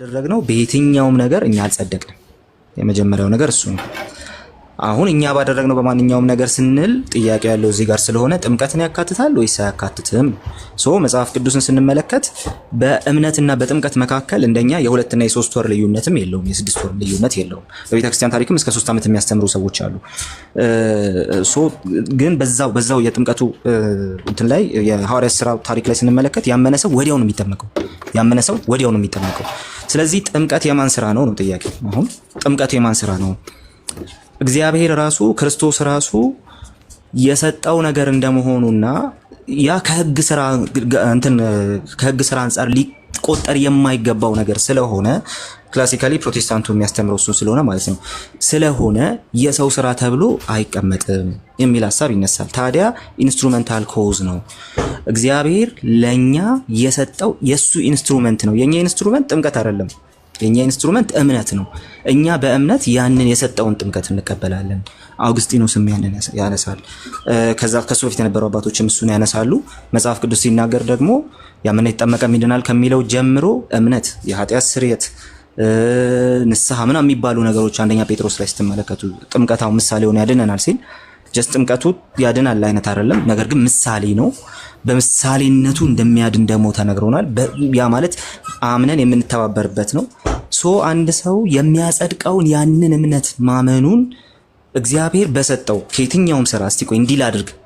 ያደረግነው በየትኛውም ነገር እኛ አልጸደቅንም። የመጀመሪያው ነገር እሱ ነው። አሁን እኛ ባደረግነው በማንኛውም ነገር ስንል ጥያቄ ያለው እዚህ ጋር ስለሆነ ጥምቀትን ያካትታል ወይስ አያካትትም? ሶ መጽሐፍ ቅዱስን ስንመለከት በእምነትና በጥምቀት መካከል እንደኛ የሁለትና የሶስት ወር ልዩነትም የለውም፣ የስድስት ወር ልዩነት የለውም። በቤተክርስቲያን ታሪክም እስከ ሶስት ዓመት የሚያስተምሩ ሰዎች አሉ። ሶ ግን በዛው በዛው የጥምቀቱ እንትን ላይ የሐዋርያ ስራ ታሪክ ላይ ስንመለከት ያመነ ሰው ወዲያው ነው የሚጠመቀው። ያመነ ሰው ወዲያው ነው የሚጠመቀው። ስለዚህ ጥምቀት የማን ስራ ነው ነው ጥያቄ። አሁን ጥምቀቱ የማን ስራ ነው? እግዚአብሔር ራሱ ክርስቶስ ራሱ የሰጠው ነገር እንደመሆኑና ያ ከህግ ስራ እንትን ከህግ ስራ አንጻር ሊቆጠር የማይገባው ነገር ስለሆነ ክላሲካሊ ፕሮቴስታንቱ የሚያስተምረው እሱ ስለሆነ ማለት ነው። ስለሆነ የሰው ስራ ተብሎ አይቀመጥም የሚል ሀሳብ ይነሳል። ታዲያ ኢንስትሩመንታል ኮዝ ነው። እግዚአብሔር ለእኛ የሰጠው የእሱ ኢንስትሩመንት ነው። የእኛ ኢንስትሩመንት ጥምቀት አይደለም። የእኛ ኢንስትሩመንት እምነት ነው። እኛ በእምነት ያንን የሰጠውን ጥምቀት እንቀበላለን። አውግስጢኖስም ያንን ያነሳል። ከዛ ከሱ በፊት የነበሩ አባቶችም እሱን ያነሳሉ። መጽሐፍ ቅዱስ ሲናገር ደግሞ ያመነ ይጠመቀ ይድናል ከሚለው ጀምሮ እምነት፣ የኃጢአት ስርየት፣ ንስሐ ምና የሚባሉ ነገሮች አንደኛ ጴጥሮስ ላይ ስትመለከቱ ጥምቀታው ምሳሌ ሆነ ያድነናል ሲል ጀስት ጥምቀቱ ያድናል አይነት አይደለም፣ ነገር ግን ምሳሌ ነው። በምሳሌነቱ እንደሚያድን ደግሞ ተነግሮናል። ያ ማለት አምነን የምንተባበርበት ነው። ሶ አንድ ሰው የሚያጸድቀውን ያንን እምነት ማመኑን እግዚአብሔር በሰጠው ከየትኛውም ስራ እስቲ ቆይ እንዲህ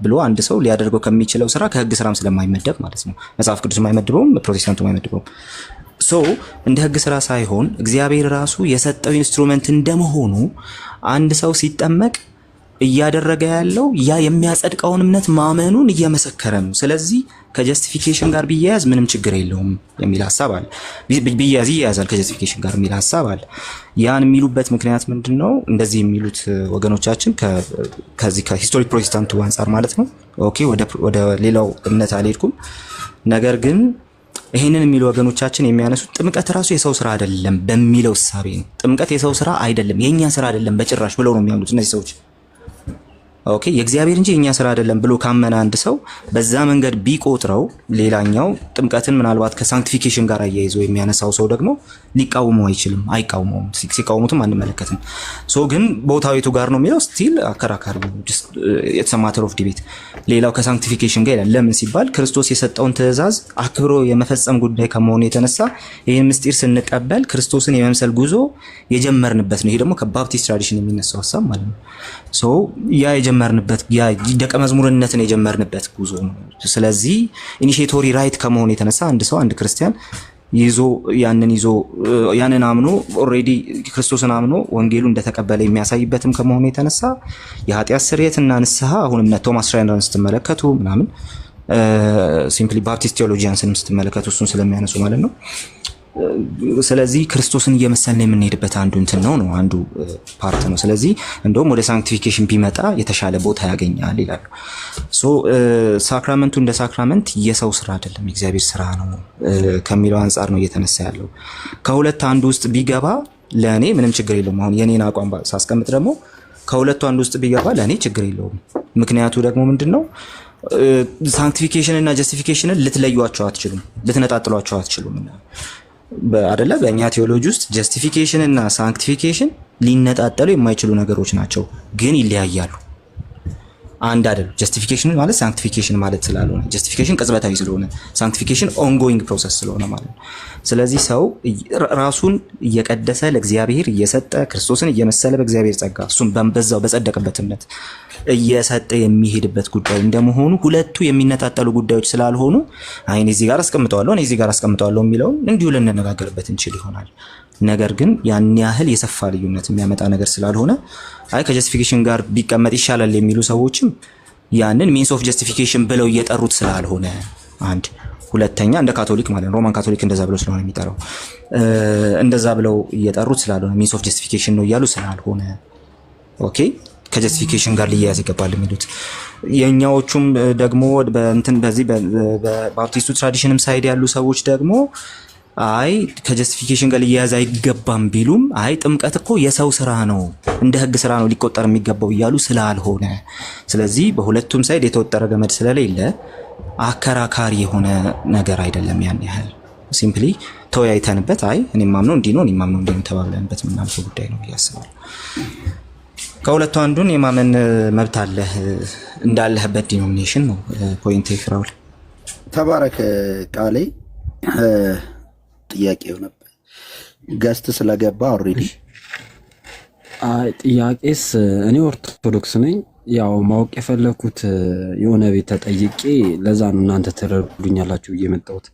ብሎ አንድ ሰው ሊያደርገው ከሚችለው ስራ ከህግ ስራም ስለማይመደብ ማለት ነው። መጽሐፍ ቅዱስም የማይመድበውም ፕሮቴስታንቱም የማይመድበውም። ሶ እንደ ህግ ስራ ሳይሆን እግዚአብሔር ራሱ የሰጠው ኢንስትሩመንት እንደመሆኑ አንድ ሰው ሲጠመቅ እያደረገ ያለው ያ የሚያጸድቀውን እምነት ማመኑን እየመሰከረ ነው። ስለዚህ ከጀስቲፊኬሽን ጋር ቢያያዝ ምንም ችግር የለውም የሚል ሀሳብ አለ። ቢያያዝ ይያያዛል ከጀስቲፊኬሽን ጋር የሚል ሀሳብ አለ። ያን የሚሉበት ምክንያት ምንድን ነው? እንደዚህ የሚሉት ወገኖቻችን ከዚህ ከሂስቶሪክ ፕሮቴስታንቱ አንጻር ማለት ነው። ኦኬ፣ ወደ ሌላው እምነት አልሄድኩም። ነገር ግን ይህንን የሚሉ ወገኖቻችን የሚያነሱት ጥምቀት ራሱ የሰው ስራ አይደለም በሚለው እሳቤ ነው። ጥምቀት የሰው ስራ አይደለም፣ የእኛ ስራ አይደለም በጭራሽ ብለው ነው የሚያምኑት እነዚህ ሰዎች። ኦኬ የእግዚአብሔር እንጂ የኛ ስራ አይደለም ብሎ ካመነ አንድ ሰው በዛ መንገድ ቢቆጥረው፣ ሌላኛው ጥምቀትን ምናልባት ከሳንክቲፊኬሽን ጋር አያይዞ የሚያነሳው ሰው ደግሞ ሊቃውመው አይችልም፣ አይቃውመውም፣ ሲቃውሙትም አንመለከትም። ሶ ግን ቦታዊቱ ጋር ነው የሚለው ስቲል አከራካሪ የተሰማተር ኦፍ ዲቤት። ሌላው ከሳንክቲፊኬሽን ጋር ይላል። ለምን ሲባል ክርስቶስ የሰጠውን ትእዛዝ አክብሮ የመፈጸም ጉዳይ ከመሆኑ የተነሳ ይህን ምስጢር ስንቀበል ክርስቶስን የመምሰል ጉዞ የጀመርንበት ነው። ይሄ ደግሞ ከባፕቲስት ትራዲሽን የሚነሳው ሀሳብ ማለት ነው ያ የጀመርንበት ደቀ መዝሙርነትን የጀመርንበት ጉዞ ነው። ስለዚህ ኢኒሽቶሪ ራይት ከመሆን የተነሳ አንድ ሰው አንድ ክርስቲያን ይዞ ያንን ይዞ ያንን አምኖ ኦልሬዲ ክርስቶስን አምኖ ወንጌሉ እንደተቀበለ የሚያሳይበትም ከመሆኑ የተነሳ የኃጢአት ስርየትና ንስሐ አሁንም ቶማስ ሽራይነርን ስትመለከቱ ምናምን ሲምፕሊ ባፕቲስት ቴዎሎጂያንስንም ስትመለከቱ እሱን ስለሚያነሱ ማለት ነው ስለዚህ ክርስቶስን እየመሰልን የምንሄድበት አንዱ እንትን ነው ነው አንዱ ፓርት ነው። ስለዚህ እንደውም ወደ ሳንክቲፊኬሽን ቢመጣ የተሻለ ቦታ ያገኛል ይላሉ። ሶ ሳክራመንቱ እንደ ሳክራመንት የሰው ስራ አይደለም የእግዚአብሔር ስራ ነው ከሚለው አንጻር ነው እየተነሳ ያለው። ከሁለት አንዱ ውስጥ ቢገባ ለእኔ ምንም ችግር የለውም። አሁን የኔን አቋም ሳስቀምጥ ደግሞ ከሁለቱ አንዱ ውስጥ ቢገባ ለእኔ ችግር የለውም። ምክንያቱ ደግሞ ምንድን ነው? ሳንክቲፊኬሽን እና ጀስቲፊኬሽንን ልትለዩቸው አትችሉም፣ ልትነጣጥሏቸው አትችሉም። አደለ በእኛ ቴዎሎጂ ውስጥ ጀስቲፊኬሽን እና ሳንክቲፊኬሽን ሊነጣጠሉ የማይችሉ ነገሮች ናቸው፣ ግን ይለያያሉ። አንድ አይደሉ ጀስቲፊኬሽን ማለት ሳንክቲፊኬሽን ማለት ስላልሆነ ጀስቲፊኬሽን ቅጽበታዊ ስለሆነ ሳንክቲፊኬሽን ኦንጎይንግ ፕሮሰስ ስለሆነ ማለት ነው። ስለዚህ ሰው ራሱን እየቀደሰ ለእግዚአብሔር እየሰጠ ክርስቶስን እየመሰለ በእግዚአብሔር ጸጋ እሱም በዛው በጸደቅበት እምነት እየሰጠ የሚሄድበት ጉዳይ እንደመሆኑ ሁለቱ የሚነጣጠሉ ጉዳዮች ስላልሆኑ አይ እኔ እዚህ ጋር አስቀምጠዋለሁ እኔ እዚህ ጋር አስቀምጠዋለሁ የሚለውን እንዲሁ ልንነጋገርበት እንችል ይሆናል። ነገር ግን ያን ያህል የሰፋ ልዩነት የሚያመጣ ነገር ስላልሆነ አይ ከጀስቲፊኬሽን ጋር ቢቀመጥ ይሻላል የሚሉ ሰዎችም ያንን ሚንስ ኦፍ ጀስቲፊኬሽን ብለው እየጠሩት ስላልሆነ፣ አንድ ሁለተኛ፣ እንደ ካቶሊክ ማለት ነው ሮማን ካቶሊክ እንደዛ ብለው ስለሆነ የሚጠራው እንደዛ ብለው እየጠሩት ስላልሆነ ሚንስ ኦፍ ጀስቲፊኬሽን ነው እያሉ ስላልሆነ፣ ኦኬ ከጀስቲፊኬሽን ጋር ሊያያዝ ይገባል የሚሉት የእኛዎቹም ደግሞ በዚህ በባፕቲስቱ ትራዲሽንም ሳይድ ያሉ ሰዎች ደግሞ አይ ከጀስቲፊኬሽን ጋር ሊያያዝ አይገባም ቢሉም አይ ጥምቀት እኮ የሰው ስራ ነው፣ እንደ ህግ ስራ ነው ሊቆጠር የሚገባው እያሉ ስላልሆነ፣ ስለዚህ በሁለቱም ሳይድ የተወጠረ ገመድ ስለሌለ አከራካሪ የሆነ ነገር አይደለም። ያን ያህል ሲምፕሊ ተወያይተንበት አይ እኔ ማምነው እንዲህ ነው እኔ ማምነው እንዲህ ነው ተባብለንበት የምናልፈው ጉዳይ ነው ብዬ ከሁለቱ አንዱን የማመን መብት አለህ እንዳለህበት ዲኖሚኔሽን ነው ፖይንት ፍራውል ተባረክ ቃሌ ጥያቄ ነበር። ገስት ስለገባ ኦልሬዲ ጥያቄስ እኔ ኦርቶዶክስ ነኝ። ያው ማወቅ የፈለኩት የሆነ ቤት ተጠይቄ ለዛ ነው እናንተ ትረዱኛላችሁ እየመጣሁት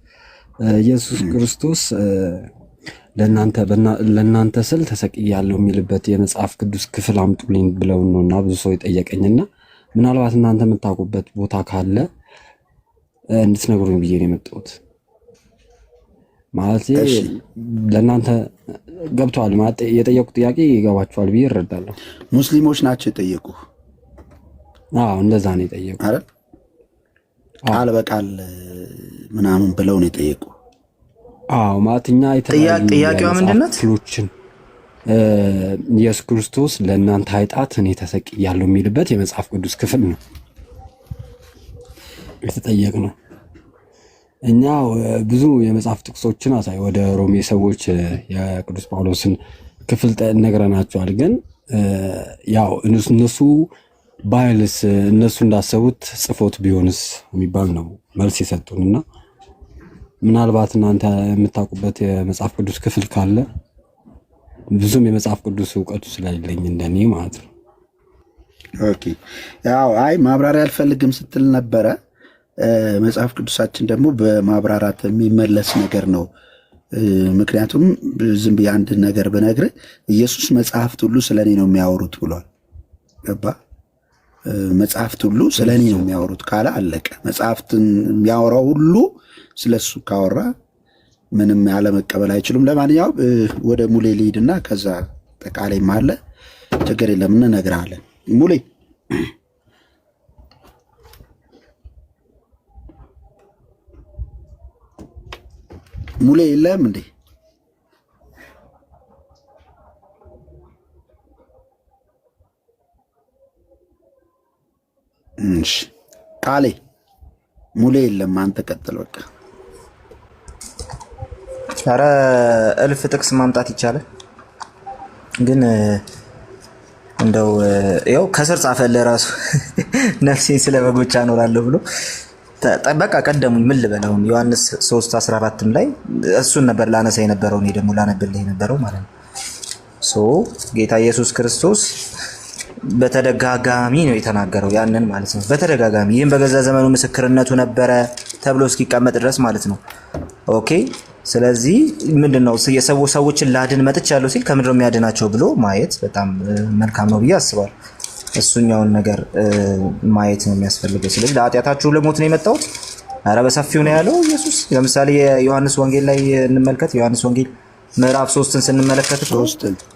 ኢየሱስ ክርስቶስ ለእናንተ ስል ተሰቅያለሁ የሚልበት የመጽሐፍ ቅዱስ ክፍል አምጡልኝ ብለው ነው እና ብዙ ሰው የጠየቀኝና ምናልባት እናንተ የምታውቁበት ቦታ ካለ እንድትነግሩኝ ብዬ ነው የመጣሁት። ማለት ለእናንተ ገብተዋል ማለት የጠየቁ ጥያቄ ይገባቸዋል ብዬ እረዳለሁ። ሙስሊሞች ናቸው የጠየቁ። አዎ እንደዛ ነው የጠየቁ። ቃል በቃል ምናምን ብለው ነው የጠየቁ። አዎ ማለት እኛ ጥያቄዋ ኢየሱስ ክርስቶስ ለእናንተ ኃጢአት እኔ ተሰቅያለሁ የሚልበት የመጽሐፍ ቅዱስ ክፍል ነው የተጠየቅ ነው። እኛ ብዙ የመጽሐፍ ጥቅሶችን አሳይ ወደ ሮሜ ሰዎች የቅዱስ ጳውሎስን ክፍል ነግረናቸዋል። ግን ያው እነሱ ባይልስ እነሱ እንዳሰቡት ጽፎት ቢሆንስ የሚባል ነው መልስ የሰጡን እና ምናልባት እናንተ የምታውቁበት የመጽሐፍ ቅዱስ ክፍል ካለ ብዙም የመጽሐፍ ቅዱስ እውቀቱ ስለሌለኝ እንደኔ ማለት ነው። ኦኬ ያው አይ ማብራሪያ አልፈልግም ስትል ነበረ መጽሐፍ ቅዱሳችን ደግሞ በማብራራት የሚመለስ ነገር ነው። ምክንያቱም ዝም ብዬ አንድ ነገር ብነግር ኢየሱስ መጽሐፍት ሁሉ ስለ እኔ ነው የሚያወሩት ብሏል። ገባ? መጽሐፍት ሁሉ ስለ እኔ ነው የሚያወሩት ካለ አለቀ። መጽሐፍትን የሚያወራው ሁሉ ስለሱ ካወራ ምንም ያለመቀበል አይችሉም። ለማንኛውም ወደ ሙሌ ልሂድና ከዛ ጠቃላይ አለ ችግር የለም እንነግርሃለን ሙሌ ሙሌ የለም እንዴ? እሺ ቃሌ ሙሌ የለም። አንተ ቀጥል በቃ። ኧረ እልፍ ጥቅስ ማምጣት ይቻላል፣ ግን እንደው ያው ከስር ጻፈለ ራሱ ነፍሴን ስለ በጎች አኖራለሁ ብሎ በቃ ቀደሙኝ። ምን ልበል ዮሐንስ 3 14ም ላይ እሱን ነበር ላነሳ የነበረው እኔ ደግሞ ላነብልህ የነበረው ማለት ነው። ሶ ጌታ ኢየሱስ ክርስቶስ በተደጋጋሚ ነው የተናገረው ያንን ማለት ነው። በተደጋጋሚ ይህም በገዛ ዘመኑ ምስክርነቱ ነበረ ተብሎ እስኪቀመጥ ድረስ ማለት ነው። ኦኬ ስለዚህ ምንድን ነው የሰዎችን ላድን መጥቻለሁ ሲል ከምድር የሚያድናቸው ብሎ ማየት በጣም መልካም ነው ብዬ አስባለሁ። እሱኛውን ነገር ማየት ነው የሚያስፈልገው። ስለዚህ ለኃጢአታችሁ ልሞት ነው የመጣሁት። ኧረ በሰፊው ነው ያለው ኢየሱስ። ለምሳሌ የዮሐንስ ወንጌል ላይ እንመልከት። ዮሐንስ ወንጌል ምዕራፍ ሶስትን ስንመለከት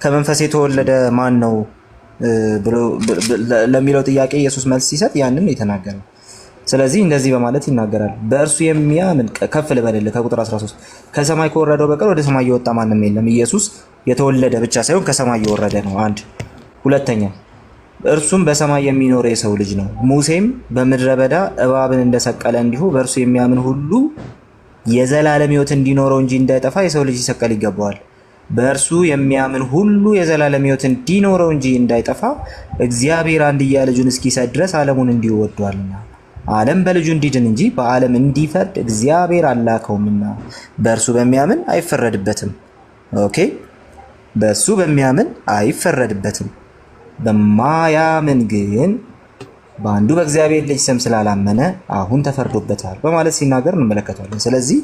ከመንፈስ የተወለደ ማን ነው ለሚለው ጥያቄ ኢየሱስ መልስ ሲሰጥ ያንን የተናገረው። ስለዚህ እንደዚህ በማለት ይናገራል። በእርሱ የሚያምን ከፍ ልበልልህ። ከቁጥር 13 ከሰማይ ከወረደው በቀር ወደ ሰማይ የወጣ ማንም የለም። ኢየሱስ የተወለደ ብቻ ሳይሆን ከሰማይ የወረደ ነው። አንድ ሁለተኛ እርሱም በሰማይ የሚኖር የሰው ልጅ ነው። ሙሴም በምድረ በዳ እባብን እንደሰቀለ እንዲሁ በእርሱ የሚያምን ሁሉ የዘላለም ሕይወት እንዲኖረው እንጂ እንዳይጠፋ የሰው ልጅ ይሰቀል ይገባዋል። በእርሱ የሚያምን ሁሉ የዘላለም ሕይወት እንዲኖረው እንጂ እንዳይጠፋ እግዚአብሔር አንድያ ልጁን እስኪሰጥ ድረስ ዓለሙን እንዲሁ ወዷልና ዓለም በልጁ እንዲድን እንጂ በዓለም እንዲፈርድ እግዚአብሔር አላከውምና በእርሱ በሚያምን አይፈረድበትም። ኦኬ፣ በእሱ በሚያምን አይፈረድበትም። በማያምን ግን በአንዱ በእግዚአብሔር ልጅ ስም ስላላመነ አሁን ተፈርዶበታል በማለት ሲናገር እንመለከታለን። ስለዚህ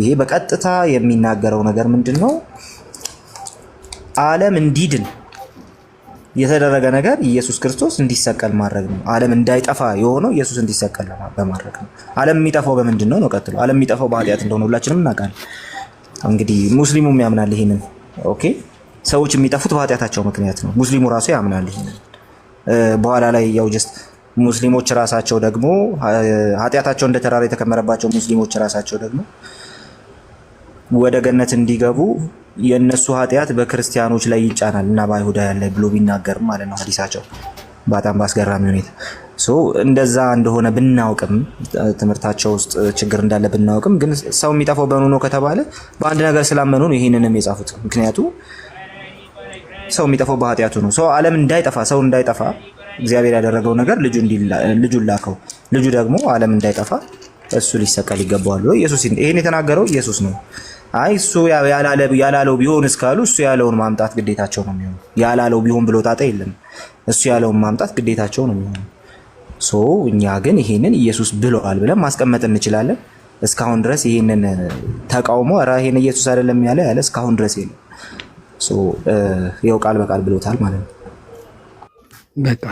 ይሄ በቀጥታ የሚናገረው ነገር ምንድን ነው? ዓለም እንዲድን የተደረገ ነገር ኢየሱስ ክርስቶስ እንዲሰቀል ማድረግ ነው። ዓለም እንዳይጠፋ የሆነው ኢየሱስ እንዲሰቀል በማድረግ ነው። ዓለም የሚጠፋው በምንድን ነው ነው ቀጥሎ ዓለም የሚጠፋው በኃጢአት እንደሆነ ሁላችንም እናውቃለን። እንግዲህ ሙስሊሙም ያምናል ይሄንን ኦኬ ሰዎች የሚጠፉት በኃጢአታቸው ምክንያት ነው። ሙስሊሙ ራሱ ያምናል። በኋላ ላይ ያው ጀስት ሙስሊሞች ራሳቸው ደግሞ ኃጢአታቸው እንደ ተራራ የተከመረባቸው ሙስሊሞች ራሳቸው ደግሞ ወደ ገነት እንዲገቡ የእነሱ ኃጢአት በክርስቲያኖች ላይ ይጫናል እና በአይሁዳ ያለ ብሎ ቢናገርም ማለት ነው ሀዲሳቸው በጣም በአስገራሚ ሁኔታ እንደዛ እንደሆነ ብናውቅም ትምህርታቸው ውስጥ ችግር እንዳለ ብናውቅም ግን ሰው የሚጠፋው በምኑ ነው ከተባለ በአንድ ነገር ስላመኑ ነው ይህንንም የጻፉት ምክንያቱም ሰው የሚጠፋው በኃጢአቱ ነው። ሰው ዓለም እንዳይጠፋ ሰው እንዳይጠፋ እግዚአብሔር ያደረገው ነገር ልጁን ላከው። ልጁ ደግሞ ዓለም እንዳይጠፋ እሱ ሊሰቀል ይገባዋል ብሎ ኢየሱስ ይሄን የተናገረው ኢየሱስ ነው። አይ እሱ ያላለው ቢሆን እስካሉ እሱ ያለውን ማምጣት ግዴታቸው ነው የሚሆነው። ያላለው ቢሆን ብሎ ጣጣ የለም። እሱ ያለውን ማምጣት ግዴታቸው ነው የሚሆነው። ሶ እኛ ግን ይሄንን ኢየሱስ ብሏል ብለን ማስቀመጥ እንችላለን። እስካሁን ድረስ ይሄንን ተቃውሞ ኧረ ይሄን ኢየሱስ አይደለም ያለ ያለ እስካሁን ድረስ የለም። ያው ቃል በቃል ብሎታል ማለት ነው። በቃ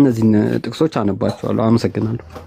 እነዚህን ጥቅሶች አነባቸዋለሁ። አመሰግናለሁ።